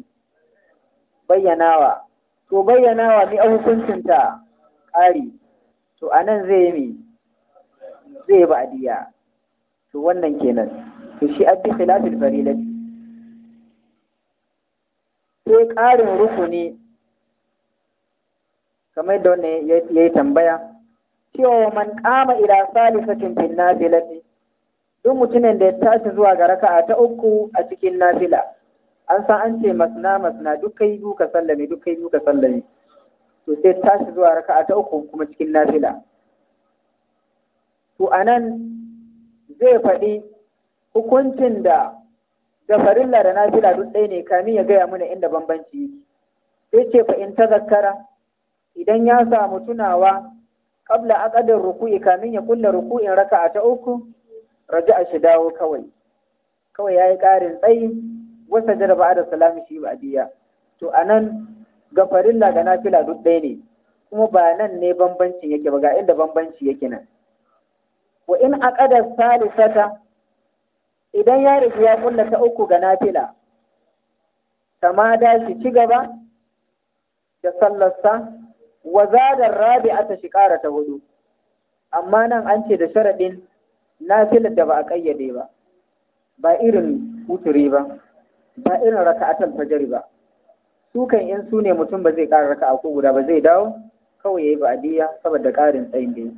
Speaker 1: bayyanawa to bayyanawa ni a hukuncinta ƙari to anan zai yi zai adiya to wannan kenan to shi abdi khilafil farilati sai ƙarin rukuni kamar yadda wannan ya yi tambaya cewa man kama ila salisatin fil nafilati duk mutumin da ya tashi zuwa ga raka'a ta uku a cikin nafila an san an ce masna masna duk kai biyu ka sallame duk kai biyu ka sallame to sai tashi zuwa raka'a ta uku kuma cikin nafila to anan zai faɗi hukuncin da da farilla da nafila duk ɗaya ne kamin ya gaya mana inda bambanci yake sai ce fa in tazakkara idan ya samu tunawa a aqadar ruku'i kamin ya kulle ruku'in raka'a ta uku a shi dawo kawai kawai yayi ƙarin tsayi wasa jaraba da salami shi ba'diya to anan gafarin farilla ga nafila duk ɗaya ne kuma ba nan ne bambancin yake ba ga inda bambanci yake nan wa in aqada salisata idan ya riga ya kulle ta uku ga nafila kama da shi ci gaba da sallarsa wa zadar shi ƙara ta hudu amma nan an ce da sharadin nafilar da ba a ƙayyade ba ba irin wuturi ba ba irin raka'atul fajr ba su kan in su ne mutum ba zai ƙara raka'a ko guda ba zai dawo kawai yayi ba'adiya saboda ƙarin tsayin da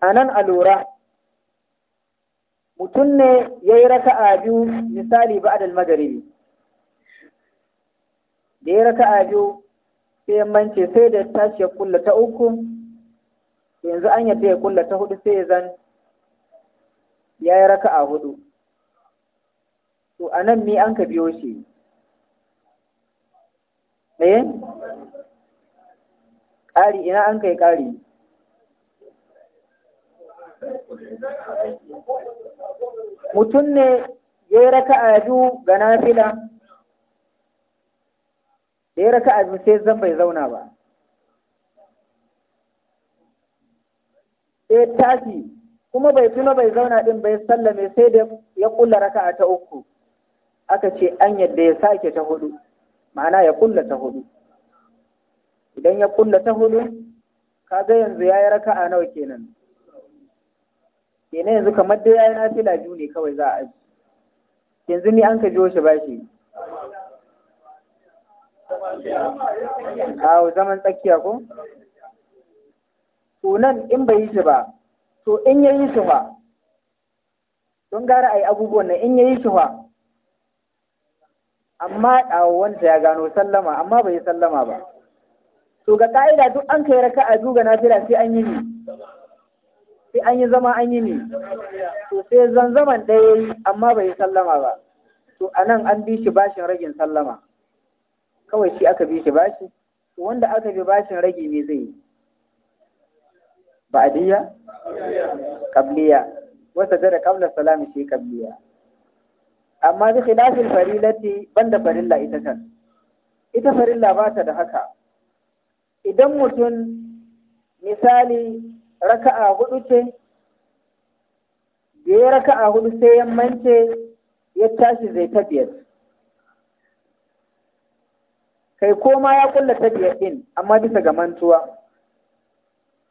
Speaker 1: a nan a lura mutum ne ya yi raka'a biyu misali ba ba'adal magaribi da ya a biyu sai ya mance sai da tashi ya kulla ta uku yanzu an yadda ya kulla ta hudu sai ya zan ya yi a hudu to a nan mi an ka biyo shi eh ƙari ina an kai ƙari mutum ne ya yi a biyu ga nafila da ya raka abin sai zan bai zauna ba sai tafi kuma bai tuna bai zauna din bai sallame sai da ya kulla raka'a ta uku aka ce an yadda ya sake ta hudu ma'ana ya kulla ta hudu idan ya kulla ta hudu ga yanzu ya yi raka a nawa kenan kenan yanzu kamar dai ya yi na biyu ne kawai za a aji yanzu ni an ka jo shi ba shi. kawo zaman tsakiya ko to nan in bai yi shi ba to in ya yi shi ba don gara a yi abubuwan nan in ya yi shi ba amma wanda ya gano sallama amma bai yi sallama ba to ga ƙa’ida duk an kai raka a duga na fila sai an yi ne. sai an yi zama an yi ne. to sai zanzaman ɗaya yi amma bai yi sallama ba to anan an bi shi bashin ragin sallama kawai shi aka bi shi bashi wanda aka bi bashin rage ne zai yi ba'diyya qabliya wa sajada qabla salami shi qabliya amma bi khilafil farilati banda farilla ita kan ita farilla ba ta da haka idan mutum misali a hudu ce da ya raka'a hudu sai yammance ya tashi zai ta kai koma ya kulla ta biyar ɗin amma bisa ga mantuwa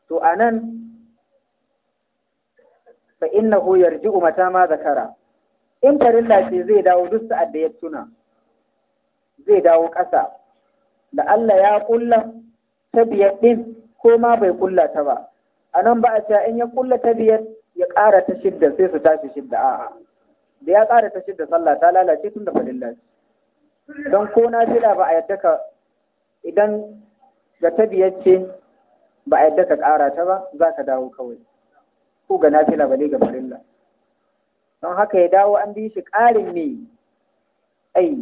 Speaker 1: to a nan fa innahu yarji'u mata ma zakara in farilla ce zai dawo duk sa'ad da ya tuna zai dawo ƙasa da Allah ya kulla ta biyar ɗin ko ma bai kulla ta ba a nan ba a cewa in ya kulla ta ya ƙara ta shidda sai su tashi shidda a'a da ya ƙara ta shidda sallah ta lalace tun da farilla ce don ko na fila ba a yadda ka idan ga ta biyar ce ba a yadda ka ƙara ta ba za ka dawo kawai ko ga na fila ba ga farilla don haka ya dawo an bi shi ƙarin ne ai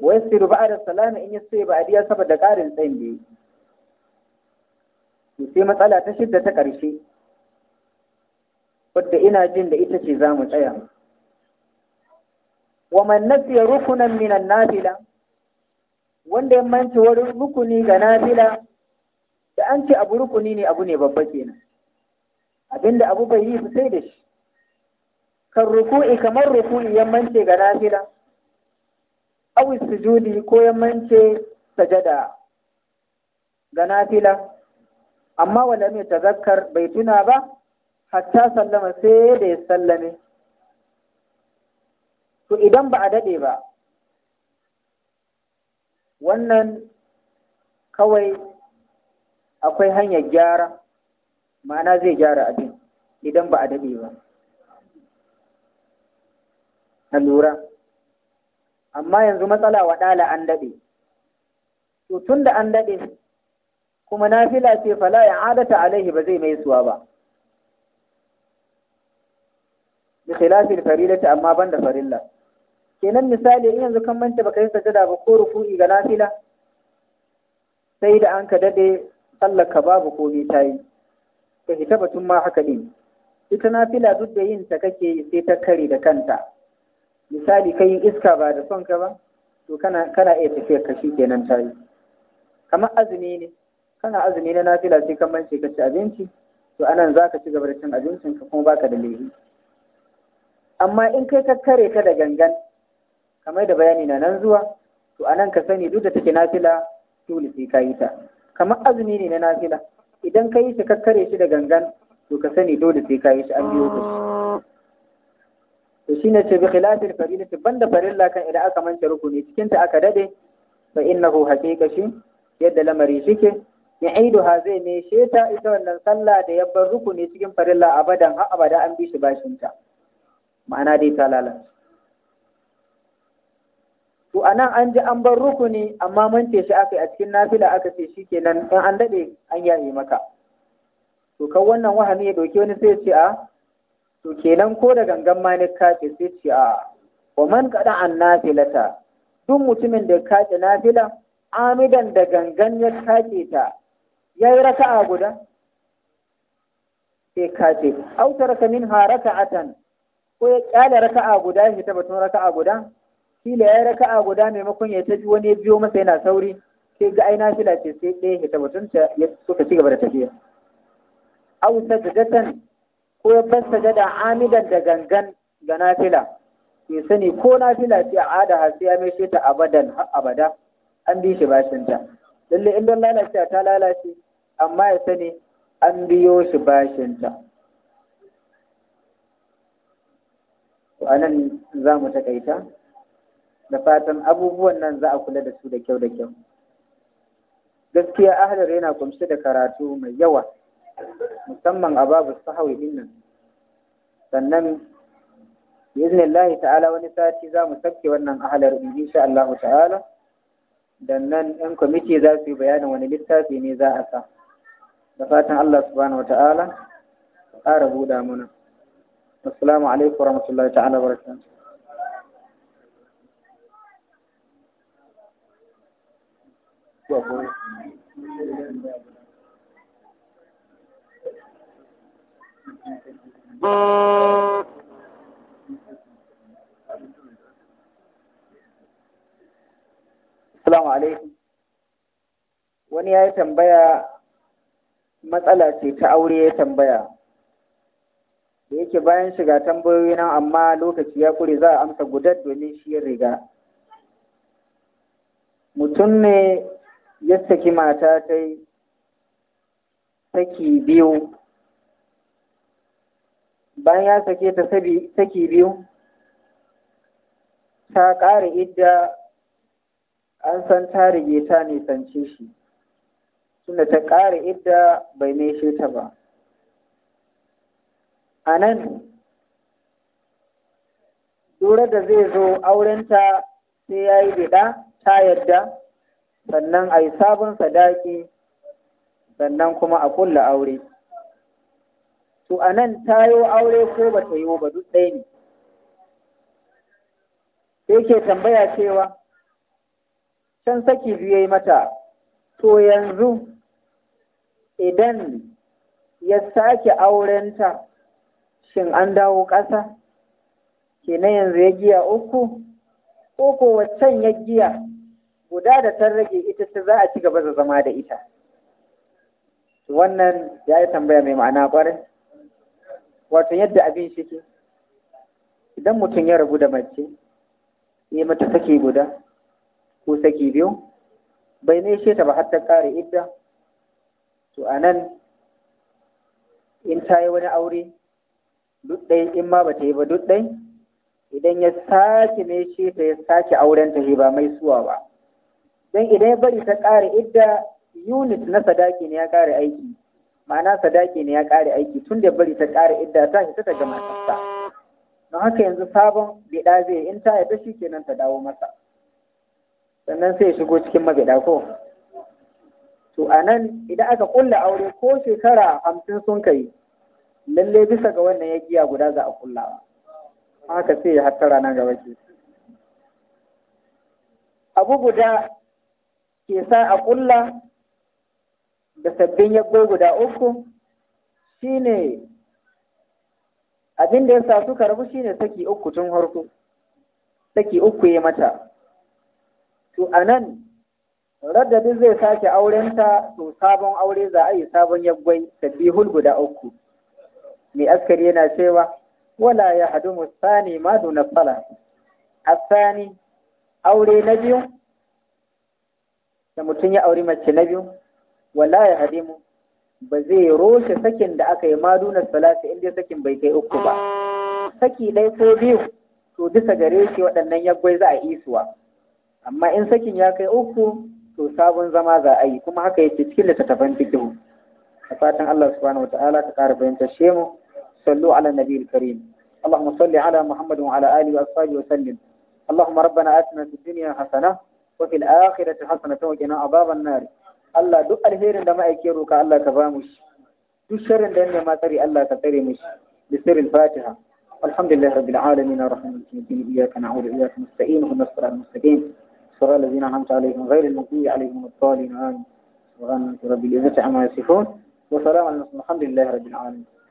Speaker 1: wai ruba a da salama in ya sai ba a biya saboda ƙarin tsayin da ya sai matsala ta shidda ta ƙarshe wadda ina jin da ita ce za mu tsaya wa man nasiya rukunan minan nafila wanda ya manci wani rukuni ga nafila da an ce abu rukuni ne abu ne babba kenan abinda abu bai yi sai da shi kan ruku'i kamar ruku'i ya mance ga nafila aw sujudi ko ya mance sajada ga nafila amma wala mai tazakkar bai tuna ba hatta sallama sai da ya sallame to idan ba a daɗe ba wannan kawai akwai hanyar gyara ma'ana zai gyara abin idan ba a daɗe ba a lura amma yanzu matsala wa ɗala an daɗe to tun da an daɗe kuma na fila ce fala ya adata alaihi ba zai mai suwa ba bi khilafil farilati amma da farilla kenan misali in yanzu kan manta baka yi sajada ba ko ruku'i ga nafila sai da an ka dade sallar ka babu ko ta yi. ka hita batun ma haka din ita nafila duk da yin ta kake sai ta kare da kanta misali ka yi iska ba da son ka ba to kana kana iya tafiyar ka kenan tayi kamar azumi ne kana azumi na nafila sai kan mance ka ci abinci to anan zaka ci gaba da cin abincin ka kuma baka da laifi amma in kai ka tare ta da gangan kamar da bayani na nan zuwa to anan ka sani duk da take nafila dole sai ka yi ta kamar azumi ne na nafila idan ka yi shi ka kare shi da gangan to ka sani dole sai ka yi shi an biyo ka to shine ce bi khilafil farilati banda farilla kan idan aka manta rukuni cikin ta aka dade fa innahu haqiqa yadda lamari shike ya aidu ha zai ne sheta ita wannan sallah da yabban rukuni cikin farilla abadan har abada an bi shi bashin ta ma'ana dai ta lalata to anan an ji an bar rukuni amma mance shi aka a cikin nafila aka ce shikenan in an dade an yaye maka to kan wannan wahami ya dauki wani sai ce a ah, to kenan ko da gangan ma ne kace sai ce a ah, wa man kada an nafilata duk mutumin da kace nafila amidan da gangan ya kace ta yayi raka'a guda sai kace autar ka min haraka'atan ko ya kyale raka'a guda ya fita batun raka'a guda kila ya raka'a guda maimakon ya tafi wani ya biyo masa yana sauri sai ga aina fila ce sai ɗaya ya batun ta ya suka ci gaba da tafiya aw sajadatan ko ya bar sajada amidan da gangan ga nafila ya sani ko nafila ce a ada har sai ya shi ta abadan abada an bi shi bashin ta lalle in don lalace ta lalace amma ya sani an biyo shi bashin ta to anan za mu takaita da fatan abubuwan nan za a kula da su da kyau da kyau gaskiya ahlar yana kumshe da karatu mai yawa musamman a babu sahawi din nan sannan biiznillahi ta'ala wani sati za mu sabke wannan ahlar insha Allah ta'ala dan nan ɗan kwamiti za su yi bayanin wani littafi ne za a sa da fatan Allah subhanahu wa ta'ala ƙara buɗa muna assalamu alaikum ta'ala barakatuh Assalamu alaikum. Wani ya yi tambaya matsala ce ta aure ya tambaya. da yake bayan shiga tambayoyi nan amma lokaci ya kure za a amsa gudar domin shi riga mutum ne ya saki mata ta yi saki biyu bayan ya sake ta saki biyu ta ƙara idda an san ta rige ta nisance shi tunda ta ƙara idda bai shi ta ba a nan lura da zai zo aurenta sai ya yi biɗa ta yadda sannan a yi sabon sadaki sannan kuma a kulla aure to a nan ta yi aure ko ba ta yi ba duk ɗaya ne sai ke tambaya cewa can saki biyu ya yi mata to yanzu idan ya sake aurenta shin an dawo ƙasa kenan yanzu ya giya uku ko ko waccan ya giya guda da ta rage ita ta za a ci gaba da zama da ita wannan ya yi tambaya mai ma'ana ƙwarai wato yadda abin shi ke idan mutum ya rabu da mace ya eh, mata saki guda ko saki biyu bai shi ta ba har ta ƙare idda to a in ta yi wani aure duk ɗai in ma ba ta yi ba duk ɗai idan ya sake mai shi ta ya sake auren ta ba mai suwa ba don idan ya bari ta ƙare idda unit na sadaki ne ya ƙare aiki ma'ana sadaki ne ya ƙare aiki tun da bari ta ƙare idda ta yi, ta gama matarsa don haka yanzu sabon biɗa zai in ta haita shi kenan ta dawo masa sannan sai ya shigo cikin mabiɗa ko to a nan idan aka ƙulla aure ko shekara hamsin sun kai lalle bisa ga wannan ya giya guda za a kullawa haka sai ya hattara nan gaba ke abu guda ke sa a kulla da sabbin yabbo guda uku shine abin da ya sa suka rabu shine saki uku tun harko saki uku ya mata to anan radadin zai sake aurenta to sabon aure za a yi sabon yaggwai sabbihul guda uku mai askari yana cewa wala ya hadu musani ma duna sala asani aure na biyu da mutum ya auri mace na biyu wala ya hadimu ba zai roshe sakin da aka yi maduna salasa inda sakin bai kai uku ba saki ɗaya ko biyu to duka gare shi waɗannan yaggwai za a isuwa amma in sakin ya kai uku to sabon zama za a yi kuma haka yake cikin littattafan fikihu a fatan Allah subhanahu wa ta'ala ta ƙara bayyana shemu صلوا على النبي الكريم اللهم صل على محمد وعلى آله وأصحابه وسلم اللهم ربنا آتنا في الدنيا حسنة وفي الآخرة حسنة وقنا عذاب النار الله دو الهير لما أكيروك الله كبامش دو شر لأن ما تري الله تترمش بسر الفاتحة الحمد لله رب العالمين الرحمن الرحيم إياك نعوذ إياك نستعين وهنا الصراط المستقيم صراط الذين أنعمت عليهم غير المغضوب عليهم الضالين آمين سبحان رب العزة عما يصفون وسلام على الحمد لله رب العالمين